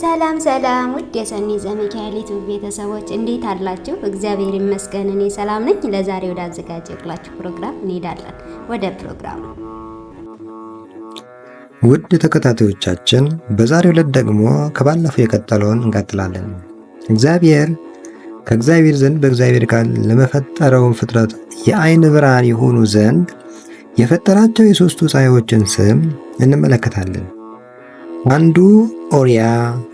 ሰላም ሰላም ውድ የሰኒ ዘሚካኤል ቤተሰቦች እንዴት አላችሁ? እግዚአብሔር ይመስገን እኔ ሰላም ነኝ። ለዛሬ ወደ አዘጋጀሁላችሁ ፕሮግራም እንሄዳለን። ወደ ፕሮግራሙ ውድ ተከታታዮቻችን፣ በዛሬው ዕለት ደግሞ ከባለፈው የቀጠለውን እንቀጥላለን። እግዚአብሔር ከእግዚአብሔር ዘንድ በእግዚአብሔር ቃል ለመፈጠረው ፍጥረት የአይን ብርሃን የሆኑ ዘንድ የፈጠራቸው የሦስቱ ፀሐዮችን ስም እንመለከታለን። አንዱ ኦሪያ፣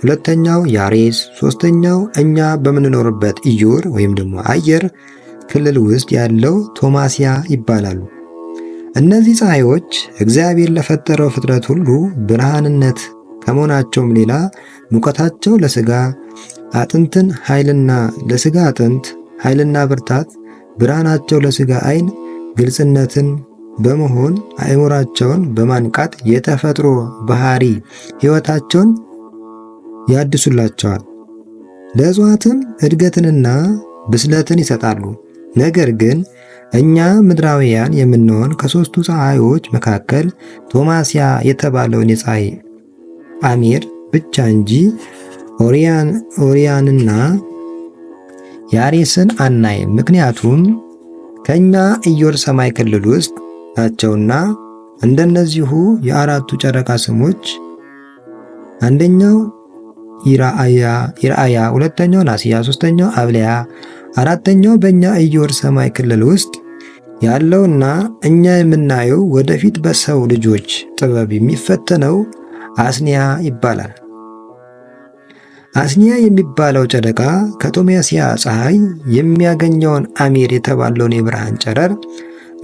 ሁለተኛው ያሬስ፣ ሶስተኛው እኛ በምንኖርበት እዩር ወይም ደግሞ አየር ክልል ውስጥ ያለው ቶማሲያ ይባላሉ። እነዚህ ፀሐዮች እግዚአብሔር ለፈጠረው ፍጥረት ሁሉ ብርሃንነት ከመሆናቸውም ሌላ ሙቀታቸው ለስጋ አጥንትን ኃይልና ለስጋ አጥንት ኃይልና ብርታት፣ ብርሃናቸው ለስጋ አይን ግልጽነትን በመሆን አእምሯቸውን በማንቃት የተፈጥሮ ባህሪ ሕይወታቸውን ያድሱላቸዋል። ለእጽዋትም እድገትንና ብስለትን ይሰጣሉ። ነገር ግን እኛ ምድራውያን የምንሆን ከሦስቱ ፀሐዮች መካከል ቶማስያ የተባለውን የፀሐይ አሜር ብቻ እንጂ ኦሪያንና ያሬስን አናይም። ምክንያቱም ከእኛ ኢዮር ሰማይ ክልል ውስጥ ናቸውና። እንደነዚሁ የአራቱ ጨረቃ ስሞች አንደኛው ይርአያ፣ ሁለተኛው ናስያ፣ ሶስተኛው አብለያ አራተኛው በእኛ ኢዮር ሰማይ ክልል ውስጥ ያለውና እኛ የምናየው ወደፊት በሰው ልጆች ጥበብ የሚፈተነው አስኒያ ይባላል። አስኒያ የሚባለው ጨረቃ ከቶሚያስያ ፀሐይ የሚያገኘውን አሚር የተባለውን የብርሃን ጨረር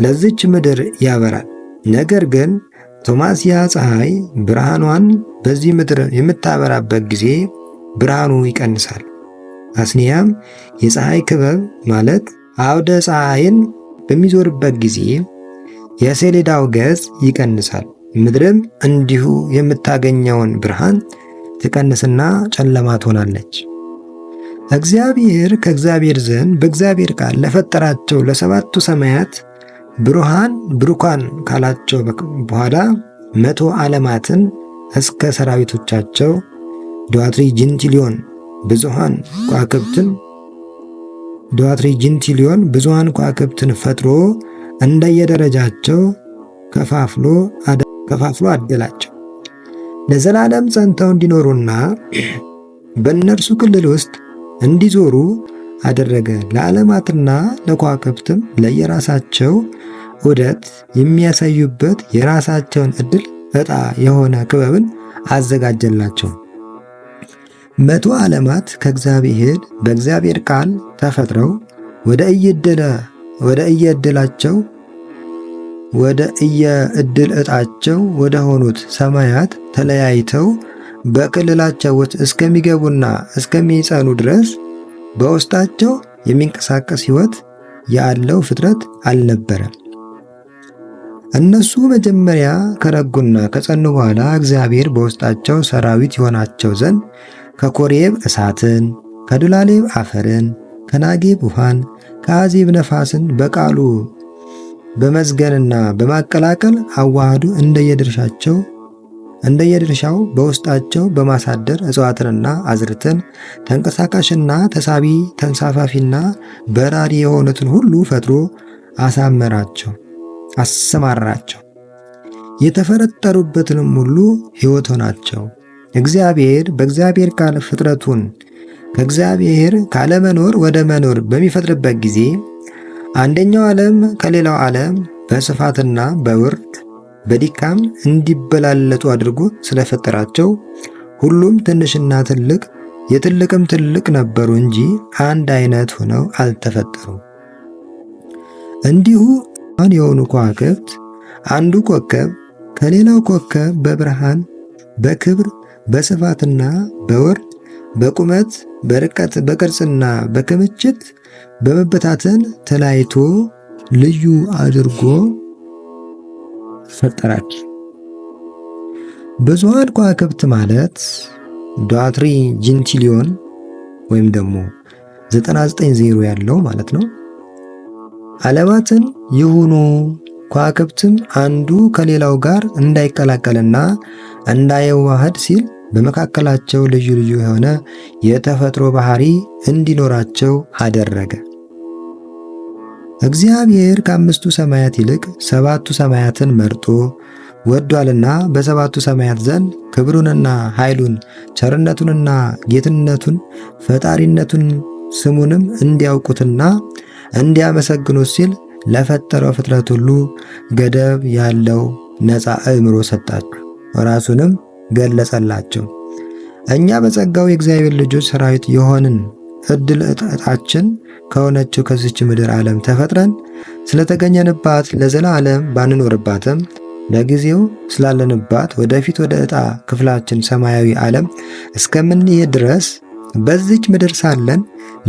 ለዚች ምድር ያበራል። ነገር ግን ቶማስ ያ ፀሐይ ብርሃኗን በዚህ ምድር የምታበራበት ጊዜ ብርሃኑ ይቀንሳል። አስኒያም የፀሐይ ክበብ ማለት አውደ ፀሐይን በሚዞርበት ጊዜ የሰሌዳው ገጽ ይቀንሳል። ምድርም እንዲሁ የምታገኘውን ብርሃን ትቀንስና ጨለማ ትሆናለች። እግዚአብሔር ከእግዚአብሔር ዘንድ በእግዚአብሔር ቃል ለፈጠራቸው ለሰባቱ ሰማያት ብሩሃን ብሩኳን ካላቸው በኋላ መቶ ዓለማትን እስከ ሰራዊቶቻቸው ዶዋትሪ ጅንቲሊዮን ብዙሃን ከዋክብትን ዶዋትሪ ጅንቲሊዮን ብዙሃን ከዋክብትን ፈጥሮ እንደየደረጃቸው ከፋፍሎ ከፋፍሎ አደላቸው። ለዘላለም ጸንተው እንዲኖሩና በእነርሱ ክልል ውስጥ እንዲዞሩ አደረገ። ለዓለማትና ለከዋክብትም ለየራሳቸው ዑደት የሚያሳዩበት የራሳቸውን ዕድል ዕጣ የሆነ ክበብን አዘጋጀላቸው። መቶ ዓለማት ከእግዚአብሔር በእግዚአብሔር ቃል ተፈጥረው ወደ እየዕድላቸው ወደ እየዕድል ዕጣቸው ወደ ሆኑት ሰማያት ተለያይተው በክልላቸው ውስጥ እስከሚገቡና እስከሚጸኑ ድረስ በውስጣቸው የሚንቀሳቀስ ሕይወት ያለው ፍጥረት አልነበረም። እነሱ መጀመሪያ ከረጉና ከጸኑ በኋላ እግዚአብሔር በውስጣቸው ሰራዊት ይሆናቸው ዘንድ ከኮሬብ እሳትን፣ ከዱላሌብ አፈርን፣ ከናጌብ ውሃን፣ ከአዜብ ነፋስን በቃሉ በመዝገንና በማቀላቀል አዋህዱ እንደየድርሻቸው እንደየድርሻው በውስጣቸው በማሳደር እጽዋትንና አዝርትን ተንቀሳቃሽና ተሳቢ ተንሳፋፊና በራሪ የሆኑትን ሁሉ ፈጥሮ አሳመራቸው፣ አሰማራቸው። የተፈረጠሩበትንም ሁሉ ሕይወት ሆናቸው። እግዚአብሔር በእግዚአብሔር ቃል ፍጥረቱን ከእግዚአብሔር ካለመኖር ወደ መኖር በሚፈጥርበት ጊዜ አንደኛው ዓለም ከሌላው ዓለም በስፋትና በውርድ በድካም እንዲበላለጡ አድርጎ ስለፈጠራቸው ሁሉም ትንሽና ትልቅ የትልቅም ትልቅ ነበሩ እንጂ አንድ አይነት ሆነው አልተፈጠሩም። እንዲሁ አን የሆኑ ከዋክብት አንዱ ኮከብ ከሌላው ኮከብ በብርሃን በክብር በስፋትና በወርድ በቁመት በርቀት በቅርጽና በክምችት በመበታተን ተለያይቶ ልዩ አድርጎ ፈጠራች። ብዙሃን ከዋክብት ማለት ዳትሪ ጂንቲሊዮን ወይም ደግሞ 99 ዜሮ ያለው ማለት ነው። አለባትን ይሁኑ ከዋክብትም አንዱ ከሌላው ጋር እንዳይቀላቀልና እንዳይዋሃድ ሲል በመካከላቸው ልዩ ልዩ የሆነ የተፈጥሮ ባህሪ እንዲኖራቸው አደረገ። እግዚአብሔር ከአምስቱ ሰማያት ይልቅ ሰባቱ ሰማያትን መርጦ ወዷልና በሰባቱ ሰማያት ዘንድ ክብሩንና ኃይሉን ቸርነቱንና ጌትነቱን ፈጣሪነቱን ስሙንም እንዲያውቁትና እንዲያመሰግኑት ሲል ለፈጠረው ፍጥረት ሁሉ ገደብ ያለው ነፃ አእምሮ ሰጣቸው፣ ራሱንም ገለጸላቸው። እኛ በጸጋው የእግዚአብሔር ልጆች ሰራዊት የሆንን እድል እጣችን ከሆነችው ከዚች ምድር ዓለም ተፈጥረን ስለተገኘንባት ለዘላለም ባንኖርባትም ለጊዜው ስላለንባት ወደፊት ወደ ዕጣ ክፍላችን ሰማያዊ ዓለም እስከምንሄድ ድረስ በዚች ምድር ሳለን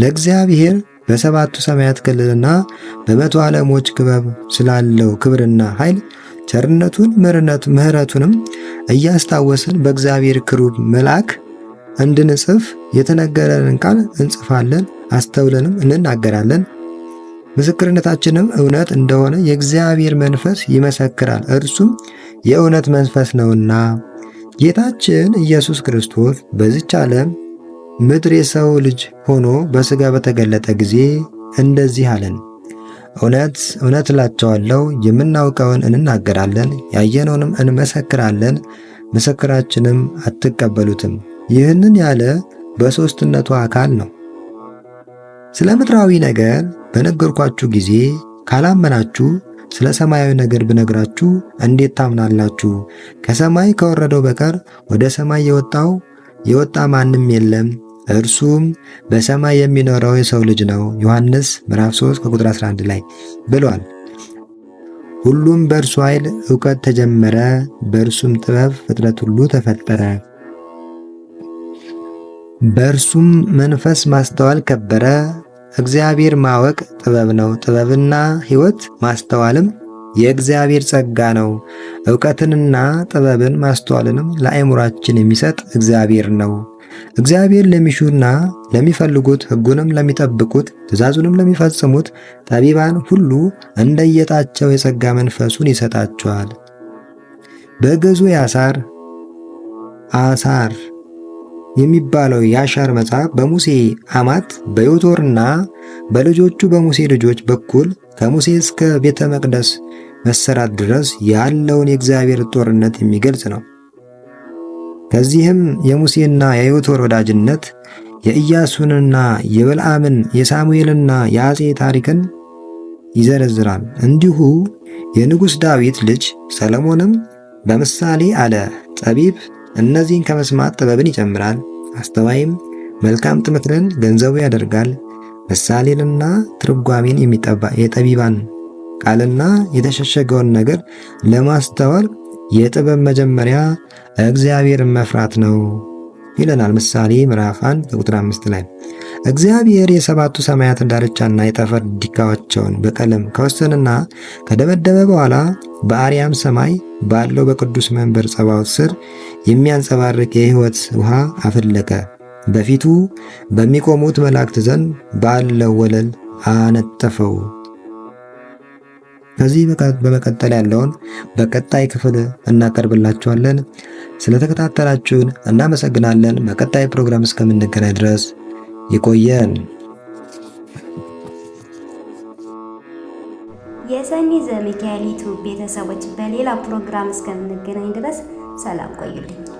ለእግዚአብሔር በሰባቱ ሰማያት ክልልና በመቶ ዓለሞች ክበብ ስላለው ክብርና ኃይል ቸርነቱን ምሕረቱንም እያስታወስን በእግዚአብሔር ክሩብ መልአክ እንድንጽፍ የተነገረንን ቃል እንጽፋለን፣ አስተውለንም እንናገራለን። ምስክርነታችንም እውነት እንደሆነ የእግዚአብሔር መንፈስ ይመሰክራል፣ እርሱም የእውነት መንፈስ ነውና። ጌታችን ኢየሱስ ክርስቶስ በዚች ዓለም ምድር የሰው ልጅ ሆኖ በሥጋ በተገለጠ ጊዜ እንደዚህ አለን። እውነት እውነት እላቸዋለሁ የምናውቀውን እንናገራለን፣ ያየነውንም እንመሰክራለን፣ ምስክራችንም አትቀበሉትም። ይህንን ያለ በሦስትነቱ አካል ነው። ስለ ምድራዊ ነገር በነገርኳችሁ ጊዜ ካላመናችሁ ስለ ሰማያዊ ነገር ብነግራችሁ እንዴት ታምናላችሁ? ከሰማይ ከወረደው በቀር ወደ ሰማይ የወጣው የወጣ ማንም የለም፣ እርሱም በሰማይ የሚኖረው የሰው ልጅ ነው። ዮሐንስ ምዕራፍ 3 ከቁጥር 11 ላይ ብሏል። ሁሉም በእርሱ ኃይል ዕውቀት ተጀመረ፣ በእርሱም ጥበብ ፍጥረት ሁሉ ተፈጠረ። በእርሱም መንፈስ ማስተዋል ከበረ። እግዚአብሔር ማወቅ ጥበብ ነው፣ ጥበብና ሕይወት ማስተዋልም የእግዚአብሔር ጸጋ ነው። እውቀትንና ጥበብን ማስተዋልንም ለአእምሯችን የሚሰጥ እግዚአብሔር ነው። እግዚአብሔር ለሚሹና ለሚፈልጉት ሕጉንም ለሚጠብቁት ትእዛዙንም ለሚፈጽሙት ጠቢባን ሁሉ እንደየጣቸው የጸጋ መንፈሱን ይሰጣቸዋል። በገዙ ያሳር አሳር የሚባለው የአሻር መጽሐፍ በሙሴ አማት በዮቶርና በልጆቹ በሙሴ ልጆች በኩል ከሙሴ እስከ ቤተ መቅደስ መሰራት ድረስ ያለውን የእግዚአብሔር ጦርነት የሚገልጽ ነው። ከዚህም የሙሴና የዮቶር ወዳጅነት የኢያሱንና የበልዓምን የሳሙኤልና የአጼ ታሪክን ይዘረዝራል። እንዲሁ የንጉሥ ዳዊት ልጅ ሰለሞንም በምሳሌ አለ ጠቢብ እነዚህን ከመስማት ጥበብን ይጨምራል። አስተዋይም መልካም ጥምትንን ገንዘቡ ያደርጋል። ምሳሌንና ትርጓሜን የሚጠባ የጠቢባን ቃልና የተሸሸገውን ነገር ለማስተዋል የጥበብ መጀመሪያ እግዚአብሔርን መፍራት ነው ይለናል ምሳሌ ምዕራፍ 1 ቁጥር 5 ላይ። እግዚአብሔር የሰባቱ ሰማያትን ዳርቻና የጠፈር ዲካዎቸውን በቀለም ከወሰንና ከደመደመ በኋላ በአርያም ሰማይ ባለው በቅዱስ መንበር ጸባዖት ስር የሚያንጸባርቅ የሕይወት ውሃ አፈለቀ። በፊቱ በሚቆሙት መላእክት ዘንድ ባለው ወለል አነጠፈው። ከዚህ በመቀጠል ያለውን በቀጣይ ክፍል እናቀርብላችኋለን። ስለተከታተላችሁን እናመሰግናለን። በቀጣይ ፕሮግራም እስከምንገናኝ ድረስ ይቆየን። የሰኒ ዘሚካኤል ዩቱብ ቤተሰቦች በሌላ ፕሮግራም እስከምንገናኝ ድረስ ሰላም ቆዩልኝ።